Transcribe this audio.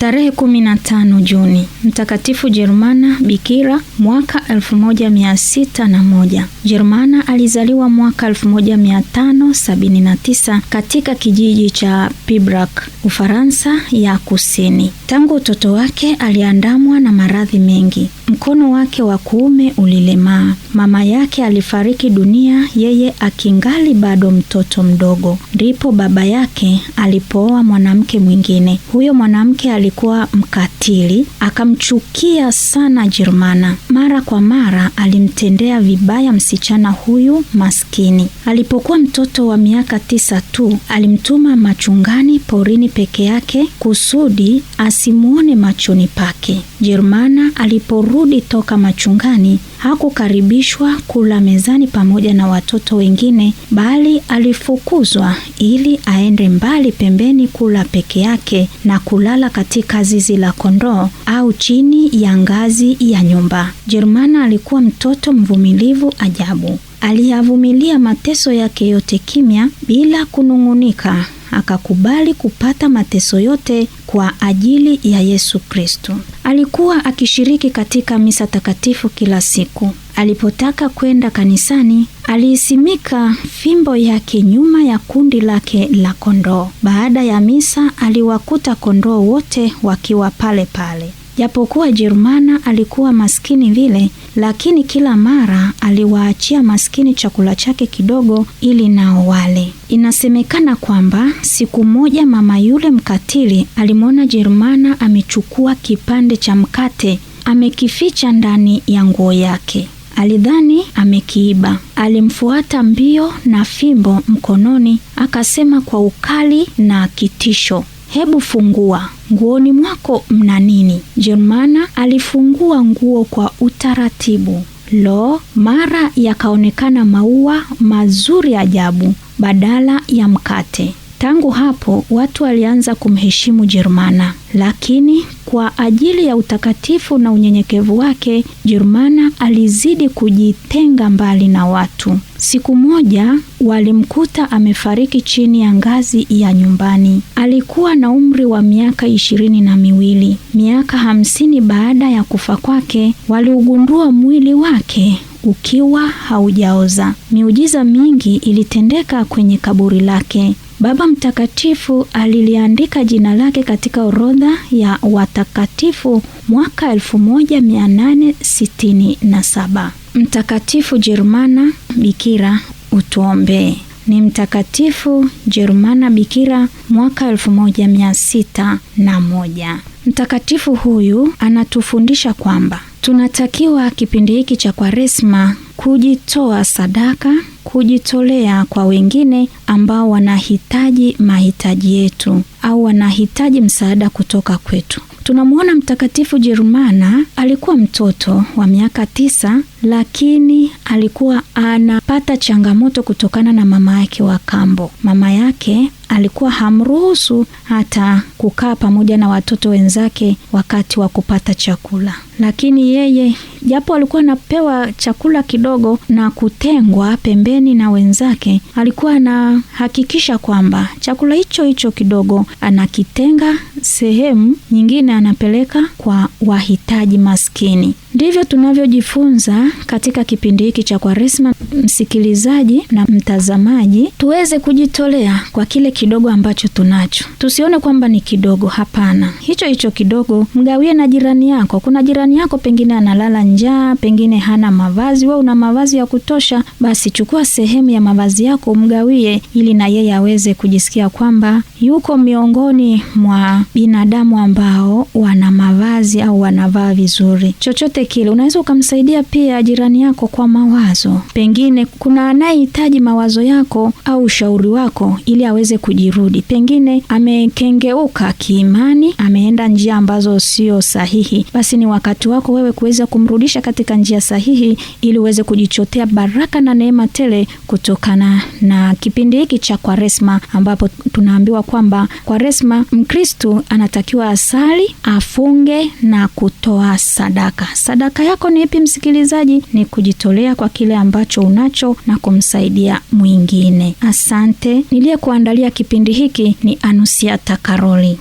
Tarehe 15 Juni, Mtakatifu Germana Bikira, mwaka 1601. Germana alizaliwa mwaka 1579 katika kijiji cha Pibrac, Ufaransa ya Kusini. Tangu utoto wake aliandamwa na maradhi mengi. Mkono wake wa kuume ulilemaa. Mama yake alifariki dunia yeye akingali bado mtoto mdogo. Ndipo baba yake alipooa mwanamke mwingine. Huyo mwanamke alikuwa mkatili, akamchukia sana jermana Mara kwa mara alimtendea vibaya msichana huyu maskini. Alipokuwa mtoto wa miaka tisa tu, alimtuma machungani porini peke yake kusudi asimwone machoni pake. Jerumana aliporudi Daudi toka machungani hakukaribishwa kula mezani pamoja na watoto wengine, bali alifukuzwa ili aende mbali pembeni kula peke yake na kulala katika zizi la kondoo au chini ya ngazi ya nyumba. Jermana alikuwa mtoto mvumilivu ajabu. Aliyavumilia mateso yake yote kimya bila kunung'unika, akakubali kupata mateso yote kwa ajili ya Yesu Kristo. Alikuwa akishiriki katika misa takatifu kila siku. Alipotaka kwenda kanisani, aliisimika fimbo yake nyuma ya kundi lake la kondoo. Baada ya misa, aliwakuta kondoo wote wakiwa pale pale. Japokuwa Jerumana alikuwa maskini vile, lakini kila mara aliwaachia maskini chakula chake kidogo ili nao wale. Inasemekana kwamba siku moja mama yule mkatili alimwona Jerumana amechukua kipande cha mkate amekificha ndani ya nguo yake. Alidhani amekiiba. Alimfuata mbio na fimbo mkononi, akasema kwa ukali na kitisho, hebu fungua nguoni mwako mna nini? Jerumana alifungua nguo kwa utaratibu. Lo, mara yakaonekana maua mazuri ajabu badala ya mkate. Tangu hapo watu walianza kumheshimu Jerumana, lakini kwa ajili ya utakatifu na unyenyekevu wake, Jerumana alizidi kujitenga mbali na watu. Siku moja walimkuta amefariki chini ya ngazi ya nyumbani. Alikuwa na umri wa miaka ishirini na miwili. Miaka hamsini baada ya kufa kwake, waliugundua mwili wake ukiwa haujaoza. Miujiza mingi ilitendeka kwenye kaburi lake. Baba Mtakatifu aliliandika jina lake katika orodha ya watakatifu mwaka 1867. Mtakatifu Jerumana Bikira, utuombee ni Mtakatifu Jerumana Bikira mwaka moja. Mtakatifu huyu anatufundisha kwamba tunatakiwa kipindi hiki cha Kwaresma kujitoa sadaka, kujitolea kwa wengine ambao wanahitaji mahitaji yetu au wanahitaji msaada kutoka kwetu. Tunamwona Mtakatifu Jerumana alikuwa mtoto wa miaka tisa lakini alikuwa anapata changamoto kutokana na mama yake wa kambo. Mama yake alikuwa hamruhusu hata kukaa pamoja na watoto wenzake wakati wa kupata chakula, lakini yeye japo alikuwa anapewa chakula kidogo na kutengwa pembeni na wenzake, alikuwa anahakikisha kwamba chakula hicho hicho kidogo anakitenga, sehemu nyingine anapeleka kwa wahitaji maskini. Ndivyo tunavyojifunza katika kipindi hiki cha Kwaresma, msikilizaji na mtazamaji, tuweze kujitolea kwa kile kidogo ambacho tunacho. Tusione kwamba ni kidogo, hapana. Hicho hicho kidogo mgawie na jirani yako. Kuna jirani yako pengine analala njaa, pengine hana mavazi, wewe una mavazi ya kutosha, basi chukua sehemu ya mavazi yako umgawie, ili na yeye aweze kujisikia kwamba yuko miongoni mwa binadamu ambao wana mavazi au wanavaa vizuri. Chochote kile unaweza ukamsaidia pia jirani yako kwa mawazo. Pengine kuna anayehitaji mawazo yako au ushauri wako ili aweze kujirudi. Pengine amekengeuka kiimani, ameenda njia ambazo sio sahihi. Basi ni wakati wako wewe kuweza kumrudisha katika njia sahihi ili uweze kujichotea baraka na neema tele kutokana na kipindi hiki cha Kwaresma ambapo tunaambiwa kwamba Kwaresma Mkristu anatakiwa asali, afunge na kutoa sadaka. Sadaka yako ni ipi msikilizaji? uwajibikaji ni kujitolea kwa kile ambacho unacho na kumsaidia mwingine. Asante. Niliyekuandalia kipindi hiki ni Anusiata Karoli.